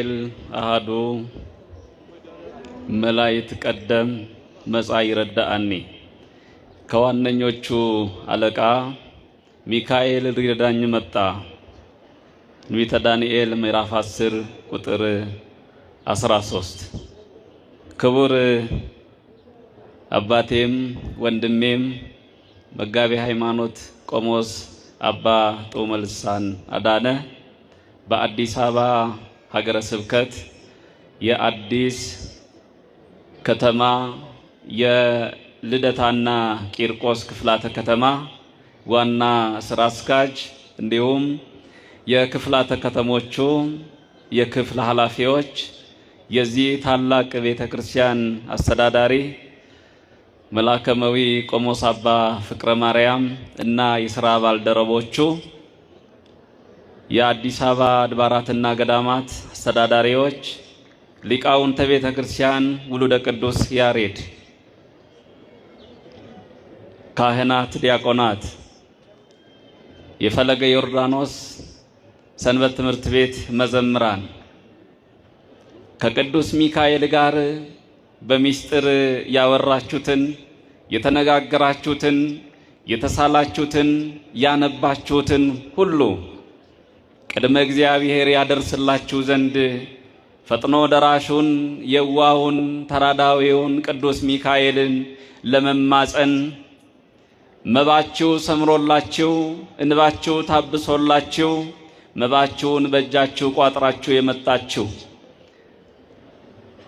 ል አሃዱ መላይት ቀደም መጻ ይረዳአኒ ከዋነኞቹ አለቃ ሚካኤል ሊረዳኝ መጣ። ትንቢተ ዳንኤል ምዕራፍ 10 ቁጥር 13። ክቡር አባቴም ወንድሜም መጋቤ ሃይማኖት ቆሞስ አባ ጦመልሳን አዳነ በአዲስ አበባ ሀገረ ስብከት የአዲስ ከተማ የልደታና ቂርቆስ ክፍላተ ከተማ ዋና ስራ አስኪያጅ እንዲሁም የክፍላተ ከተሞቹ የክፍል ኃላፊዎች፣ የዚህ ታላቅ ቤተ ክርስቲያን አስተዳዳሪ መላከመዊ ቆሞስ አባ ፍቅረ ማርያም እና የስራ ባልደረቦቹ የአዲስ አበባ አድባራትና ገዳማት አስተዳዳሪዎች፣ ሊቃውንተ ቤተ ክርስቲያን፣ ውሉደ ቅዱስ ያሬድ፣ ካህናት፣ ዲያቆናት፣ የፈለገ ዮርዳኖስ ሰንበት ትምህርት ቤት መዘምራን ከቅዱስ ሚካኤል ጋር በሚስጥር ያወራችሁትን የተነጋገራችሁትን የተሳላችሁትን ያነባችሁትን ሁሉ ቅድመ እግዚአብሔር ያደርስላችሁ ዘንድ ፈጥኖ ደራሹን የዋሁን ተራዳዊውን ቅዱስ ሚካኤልን ለመማፀን መባችሁ ሰምሮላችሁ እንባችሁ ታብሶላችሁ መባችሁን በእጃችሁ ቋጥራችሁ የመጣችሁ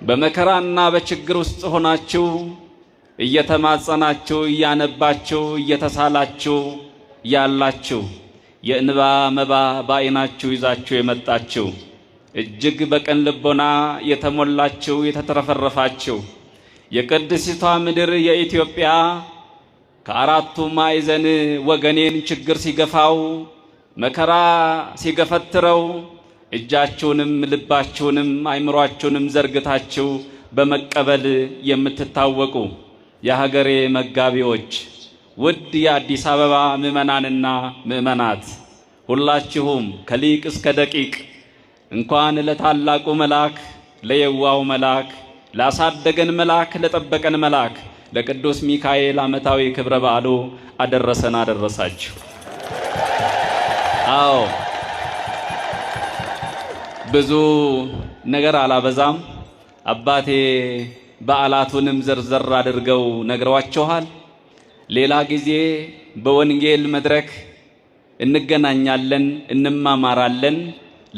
በመከራና በችግር ውስጥ ሆናችሁ እየተማጸናችሁ እያነባችሁ እየተሳላችሁ ያላችሁ የእንባ መባ በዓይናችሁ ይዛችሁ የመጣችሁ እጅግ በቀን ልቦና የተሞላችሁ የተትረፈረፋችሁ የቅድስቷ ምድር የኢትዮጵያ ከአራቱ ማዕዘን ወገኔን ችግር ሲገፋው መከራ ሲገፈትረው እጃችሁንም ልባችሁንም አይምሯችሁንም ዘርግታችሁ በመቀበል የምትታወቁ የሀገሬ መጋቢዎች ውድ የአዲስ አበባ ምዕመናንና ምዕመናት ሁላችሁም ከሊቅ እስከ ደቂቅ እንኳን ለታላቁ መልአክ ለየዋው መልአክ ላሳደገን መልአክ ለጠበቀን መልአክ ለቅዱስ ሚካኤል ዓመታዊ ክብረ በዓሉ አደረሰን አደረሳችሁ። አዎ ብዙ ነገር አላበዛም። አባቴ በዓላቱንም ዘርዘር አድርገው ነግረዋችኋል። ሌላ ጊዜ በወንጌል መድረክ እንገናኛለን፣ እንማማራለን።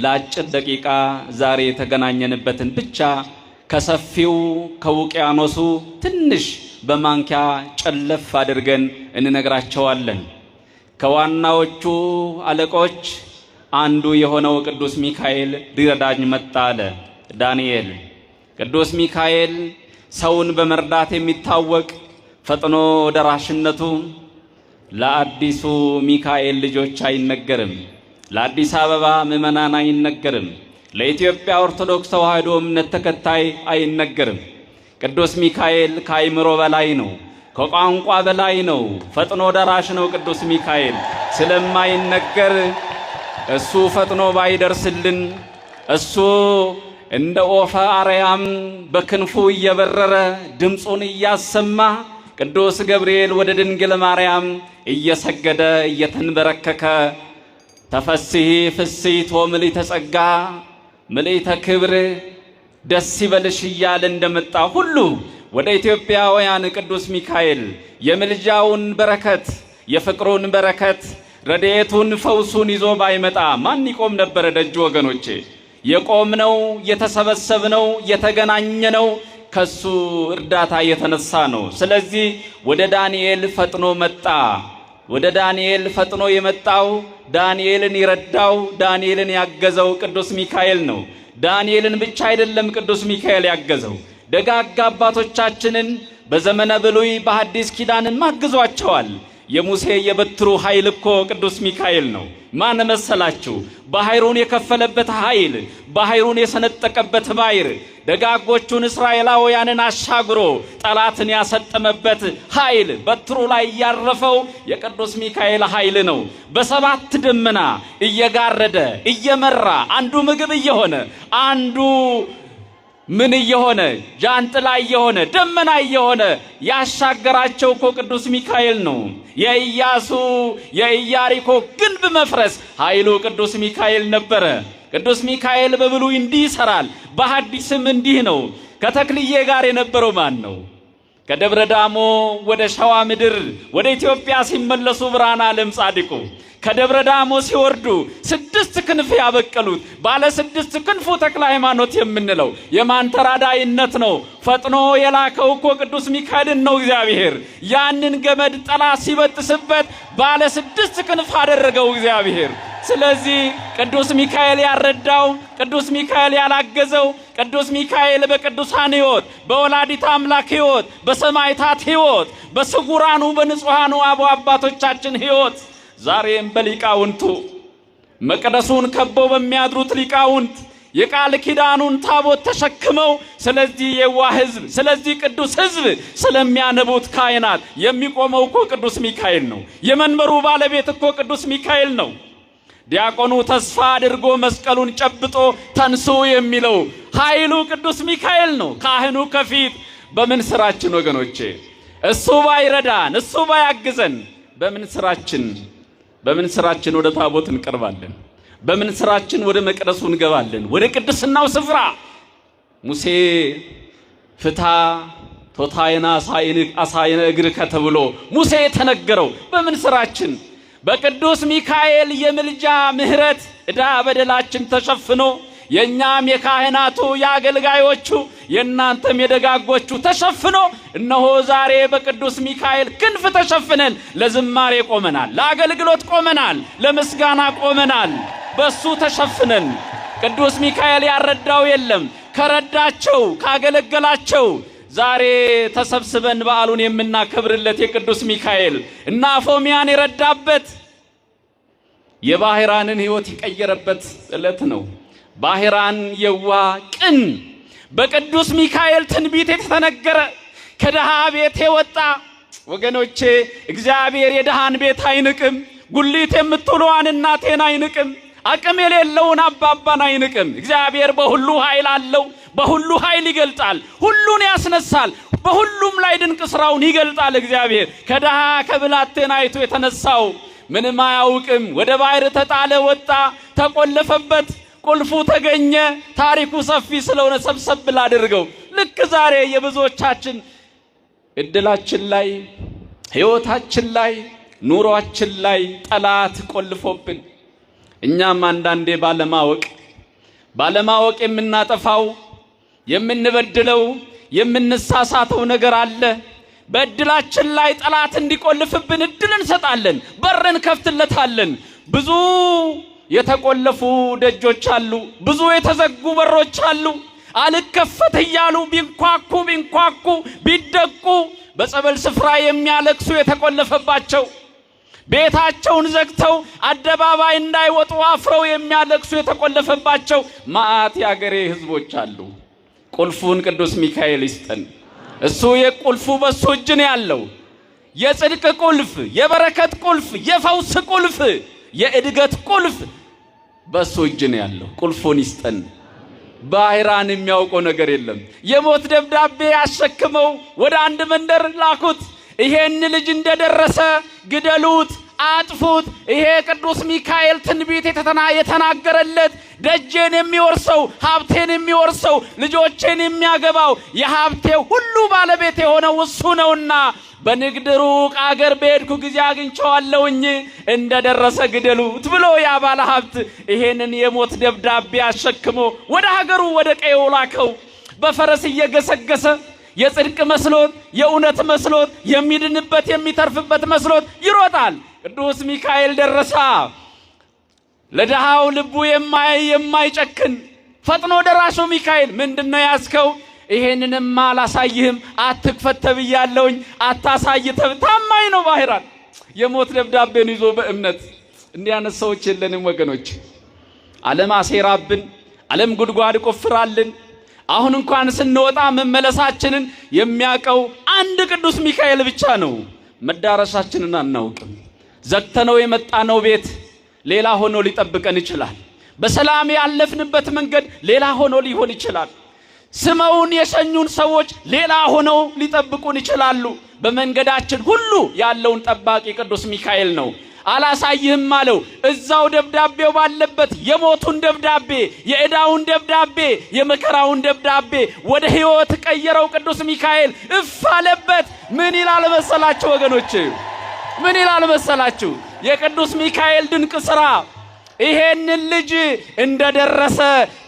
ለአጭር ደቂቃ ዛሬ የተገናኘንበትን ብቻ ከሰፊው ከውቅያኖሱ ትንሽ በማንኪያ ጨለፍ አድርገን እንነግራቸዋለን። ከዋናዎቹ አለቆች አንዱ የሆነው ቅዱስ ሚካኤል ሊረዳኝ መጣ አለ ዳንኤል። ቅዱስ ሚካኤል ሰውን በመርዳት የሚታወቅ ፈጥኖ ደራሽነቱ ለአዲሱ ሚካኤል ልጆች አይነገርም፣ ለአዲስ አበባ ምዕመናን አይነገርም፣ ለኢትዮጵያ ኦርቶዶክስ ተዋሕዶ እምነት ተከታይ አይነገርም። ቅዱስ ሚካኤል ከአይምሮ በላይ ነው፣ ከቋንቋ በላይ ነው፣ ፈጥኖ ደራሽ ነው። ቅዱስ ሚካኤል ስለማይነገር እሱ ፈጥኖ ባይደርስልን እሱ እንደ ኦፈ አርያም በክንፉ እየበረረ ድምፁን እያሰማ ቅዱስ ገብርኤል ወደ ድንግል ማርያም እየሰገደ እየተንበረከከ ተፈስሂ ፍስሂት ወምልዕተ ጸጋ ምልዕተ ክብር ደስ ይበልሽ እያለ እንደመጣ ሁሉ ወደ ኢትዮጵያውያን ቅዱስ ሚካኤል የምልጃውን በረከት የፍቅሩን በረከት ረድኤቱን ፈውሱን ይዞ ባይመጣ ማን ይቆም ነበረ? ደጅ ወገኖቼ፣ የቆምነው የተሰበሰብነው የተገናኘነው ከሱ እርዳታ እየተነሳ ነው። ስለዚህ ወደ ዳንኤል ፈጥኖ መጣ። ወደ ዳንኤል ፈጥኖ የመጣው ዳንኤልን ይረዳው ዳንኤልን ያገዘው ቅዱስ ሚካኤል ነው። ዳንኤልን ብቻ አይደለም ቅዱስ ሚካኤል ያገዘው፣ ደጋጋ አባቶቻችንን በዘመነ ብሉይ በሐዲስ ኪዳንም አግዟቸዋል። የሙሴ የበትሩ ኃይል እኮ ቅዱስ ሚካኤል ነው። ማን መሰላችሁ? ባሕሩን የከፈለበት ኃይል፣ ባሕሩን የሰነጠቀበት ባሕር፣ ደጋጎቹን እስራኤላውያንን አሻግሮ ጠላትን ያሰጠመበት ኃይል፣ በትሩ ላይ ያረፈው የቅዱስ ሚካኤል ኃይል ነው። በሰባት ደመና እየጋረደ እየመራ አንዱ ምግብ እየሆነ አንዱ ምን እየሆነ ጃንጥላ እየሆነ ደመና እየሆነ ያሻገራቸው እኮ ቅዱስ ሚካኤል ነው። የኢያሱ የኢያሪኮ ግንብ መፍረስ ኃይሉ ቅዱስ ሚካኤል ነበረ። ቅዱስ ሚካኤል በብሉይ እንዲህ ይሰራል፣ በሐዲስም እንዲህ ነው። ከተክልዬ ጋር የነበረው ማን ነው? ከደብረ ዳሞ ወደ ሸዋ ምድር ወደ ኢትዮጵያ ሲመለሱ ብርሃነ ዓለም ጻድቁ ከደብረ ዳሞ ሲወርዱ ስድስት ክንፍ ያበቀሉት ባለ ስድስት ክንፉ ተክለ ሃይማኖት የምንለው የማን ተራዳይነት ነው? ፈጥኖ የላከው እኮ ቅዱስ ሚካኤልን ነው እግዚአብሔር። ያንን ገመድ ጠላት ሲበጥስበት ባለ ስድስት ክንፍ አደረገው እግዚአብሔር። ስለዚህ ቅዱስ ሚካኤል ያረዳው ቅዱስ ሚካኤል ያላገዘው፣ ቅዱስ ሚካኤል በቅዱሳን ሕይወት፣ በወላዲት አምላክ ሕይወት፣ በሰማይታት ሕይወት፣ በስጉራኑ በንጹሐኑ አበው አባቶቻችን ሕይወት ዛሬም በሊቃውንቱ መቅደሱን ከበው በሚያድሩት ሊቃውንት የቃል ኪዳኑን ታቦት ተሸክመው ስለዚህ የዋ ህዝብ ስለዚህ ቅዱስ ህዝብ ስለሚያነቡት ካህናት የሚቆመው እኮ ቅዱስ ሚካኤል ነው። የመንበሩ ባለቤት እኮ ቅዱስ ሚካኤል ነው። ዲያቆኑ ተስፋ አድርጎ መስቀሉን ጨብጦ ተንሱ የሚለው ኃይሉ ቅዱስ ሚካኤል ነው። ካህኑ ከፊት በምን ስራችን ወገኖቼ? እሱ ባይረዳን፣ እሱ ባያግዘን በምን ስራችን በምን ስራችን ወደ ታቦት እንቀርባለን? በምን ስራችን ወደ መቅደሱ እንገባለን? ወደ ቅድስናው ስፍራ ሙሴ ፍታ ቶታይና አሳይነ እግርከ ተብሎ ሙሴ የተነገረው በምን ስራችን በቅዱስ ሚካኤል የምልጃ ምሕረት ዕዳ በደላችን ተሸፍኖ የእኛም የካህናቱ የአገልጋዮቹ የእናንተም የደጋጎቹ ተሸፍኖ እነሆ ዛሬ በቅዱስ ሚካኤል ክንፍ ተሸፍነን ለዝማሬ ቆመናል፣ ለአገልግሎት ቆመናል፣ ለምስጋና ቆመናል። በሱ ተሸፍነን ቅዱስ ሚካኤል ያረዳው የለም። ከረዳቸው ካገለገላቸው ዛሬ ተሰብስበን በዓሉን የምናከብርለት የቅዱስ ሚካኤል እና አፎሚያን የረዳበት የባህራንን ሕይወት የቀየረበት ዕለት ነው። ባህራን የዋ ቅን በቅዱስ ሚካኤል ትንቢት የተነገረ ከድሃ ቤት የወጣ ወገኖቼ፣ እግዚአብሔር የድሃን ቤት አይንቅም። ጉሊት የምትውለዋን እናቴን አይንቅም። አቅም የሌለውን አባባን አይንቅም። እግዚአብሔር በሁሉ ኃይል አለው። በሁሉ ኃይል ይገልጣል፣ ሁሉን ያስነሳል፣ በሁሉም ላይ ድንቅ ስራውን ይገልጣል። እግዚአብሔር ከድሃ ከብላቴን አይቶ የተነሳው ምንም አያውቅም፣ ወደ ባህር ተጣለ፣ ወጣ፣ ተቆለፈበት፣ ቁልፉ ተገኘ። ታሪኩ ሰፊ ስለሆነ ሰብሰብ ብላ አድርገው ልክ ዛሬ የብዙዎቻችን እድላችን ላይ ህይወታችን ላይ ኑሯችን ላይ ጠላት ቆልፎብን እኛም አንዳንዴ ባለማወቅ ባለማወቅ የምናጠፋው የምንበድለው የምንሳሳተው ነገር አለ። በእድላችን ላይ ጠላት እንዲቆልፍብን እድል እንሰጣለን፣ በርን ከፍትለታለን። ብዙ የተቆለፉ ደጆች አሉ፣ ብዙ የተዘጉ በሮች አሉ። አልከፈት እያሉ ቢንኳኩ ቢንኳኩ ቢደቁ በጸበል ስፍራ የሚያለቅሱ የተቆለፈባቸው ቤታቸውን ዘግተው አደባባይ እንዳይወጡ አፍረው የሚያለቅሱ የተቆለፈባቸው ማአት የአገሬ ህዝቦች አሉ። ቁልፉን ቅዱስ ሚካኤል ይስጠን። እሱ የቁልፉ በሱ እጅ ነው ያለው። የጽድቅ ቁልፍ፣ የበረከት ቁልፍ፣ የፈውስ ቁልፍ፣ የእድገት ቁልፍ በሱ እጅ ነው ያለው። ቁልፉን ይስጠን። ባህራን የሚያውቀው ነገር የለም። የሞት ደብዳቤ ያሸክመው ወደ አንድ መንደር ላኩት። ይሄን ልጅ እንደደረሰ ግደሉት አጥፉት። ይሄ ቅዱስ ሚካኤል ትንቢት የተናገረለት ደጄን የሚወርሰው ሀብቴን የሚወርሰው ልጆቼን የሚያገባው የሀብቴ ሁሉ ባለቤት የሆነው እሱ ነውና በንግድ ሩቅ አገር በሄድኩ ጊዜ አግኝቸዋለሁኝ እንደ ደረሰ ግደሉት ብሎ ያ ባለ ሀብት ይሄንን የሞት ደብዳቤ አሸክሞ ወደ ሀገሩ ወደ ቀየው ላከው። በፈረስ እየገሰገሰ የጽድቅ መስሎት የእውነት መስሎት የሚድንበት የሚተርፍበት መስሎት ይሮጣል። ቅዱስ ሚካኤል ደረሳ። ለድሃው ልቡ የማይ የማይጨክን ፈጥኖ ደራሹ ሚካኤል ምንድን ነው ያዝከው? ይሄንንም አላሳይህም፣ አትክፈት አታሳይ ታማኝ ነው ባህራን የሞት ደብዳቤን ይዞ በእምነት እንዲያነት ሰዎች የለንም ወገኖች። ዓለም አሴራብን፣ ዓለም ጉድጓድ ቆፍራልን። አሁን እንኳን ስንወጣ መመለሳችንን የሚያቀው አንድ ቅዱስ ሚካኤል ብቻ ነው። መዳረሻችንን አናውቅም። ዘግተነው የመጣነው ቤት ሌላ ሆኖ ሊጠብቀን ይችላል። በሰላም ያለፍንበት መንገድ ሌላ ሆኖ ሊሆን ይችላል። ስመውን የሸኙን ሰዎች ሌላ ሆነው ሊጠብቁን ይችላሉ። በመንገዳችን ሁሉ ያለውን ጠባቂ ቅዱስ ሚካኤል ነው። አላሳይህም አለው። እዛው ደብዳቤው ባለበት የሞቱን ደብዳቤ፣ የዕዳውን ደብዳቤ፣ የመከራውን ደብዳቤ ወደ ሕይወት ቀየረው ቅዱስ ሚካኤል እፍ አለበት። ምን ይላል መሰላችሁ ወገኖች? ምን ይላል መሰላችሁ? የቅዱስ ሚካኤል ድንቅ ሥራ ይሄንን ልጅ እንደደረሰ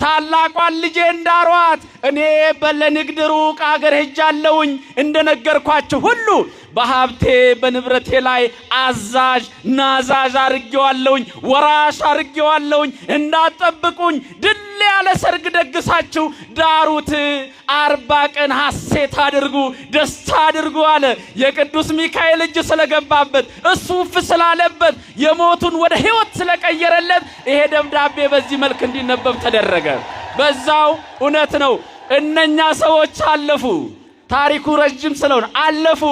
ታላቋን ልጄ እንዳሯት እኔ በለንግድ ሩቅ አገር ሄጃለሁኝ እንደነገርኳችሁ ሁሉ በሀብቴ በንብረቴ ላይ አዛዥ ናዛዥ አርጌዋለሁኝ፣ ወራሽ አርጌዋለሁኝ። እንዳጠብቁኝ ድል ያለ ሰርግ ደግሳችሁ ዳሩት፣ አርባ ቀን ሐሴት አድርጉ፣ ደስታ አድርጉ አለ። የቅዱስ ሚካኤል እጅ ስለገባበት እሱ ፍ ስላለበት የሞቱን ወደ ሕይወት ስለቀየረለት ይሄ ደብዳቤ በዚህ መልክ እንዲነበብ ተደረገ። በዛው እውነት ነው እነኛ ሰዎች አለፉ። ታሪኩ ረጅም ስለሆነ አለፉ።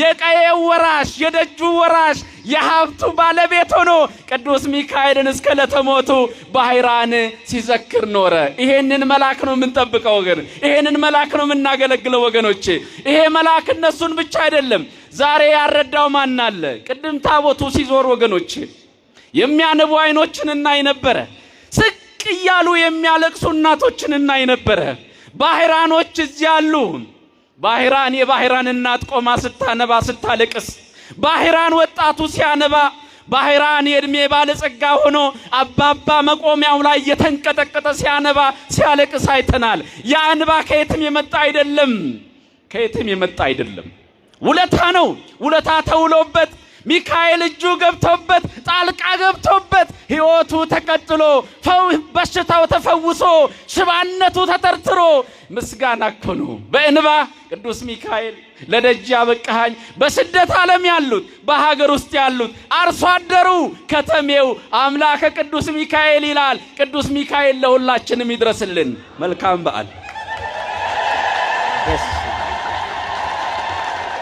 የቀየው ወራሽ፣ የደጁ ወራሽ፣ የሀብቱ ባለቤት ሆኖ ቅዱስ ሚካኤልን እስከ ለተሞቱ ባህራን ሲዘክር ኖረ። ይሄንን መልአክ ነው የምንጠብቀው ወገን፣ ይሄንን መልአክ ነው የምናገለግለው ወገኖቼ። ይሄ መልአክ እነሱን ብቻ አይደለም። ዛሬ ያረዳው ማን አለ? ቅድም ታቦቱ ሲዞር ወገኖቼ የሚያነቡ አይኖችን እናይ ነበረ። ስቅ እያሉ የሚያለቅሱ እናቶችን እናይ ነበረ። ባህራኖች እዚያ አሉ። ባህራን የባህራን እናት ቆማ ስታነባ ስታለቅስ፣ ባህራን ወጣቱ ሲያነባ፣ ባህራን የእድሜ ባለጸጋ ሆኖ አባባ መቆሚያው ላይ እየተንቀጠቀጠ ሲያነባ ሲያለቅስ አይተናል። ያ እንባ ከየትም የመጣ አይደለም፣ ከየትም የመጣ አይደለም። ውለታ ነው። ውለታ ተውሎበት ሚካኤል እጁ ገብቶበት ጣልቃ ገብቶበት ሕይወቱ ተቀጥሎ በሽታው ተፈውሶ ሽባነቱ ተተርትሮ ምስጋና እኮ ነው። በእንባ ቅዱስ ሚካኤል ለደጅ ያበቃሃኝ። በስደት ዓለም ያሉት፣ በሀገር ውስጥ ያሉት፣ አርሶ አደሩ፣ ከተሜው አምላከ ቅዱስ ሚካኤል ይላል። ቅዱስ ሚካኤል ለሁላችንም ይድረስልን። መልካም በዓል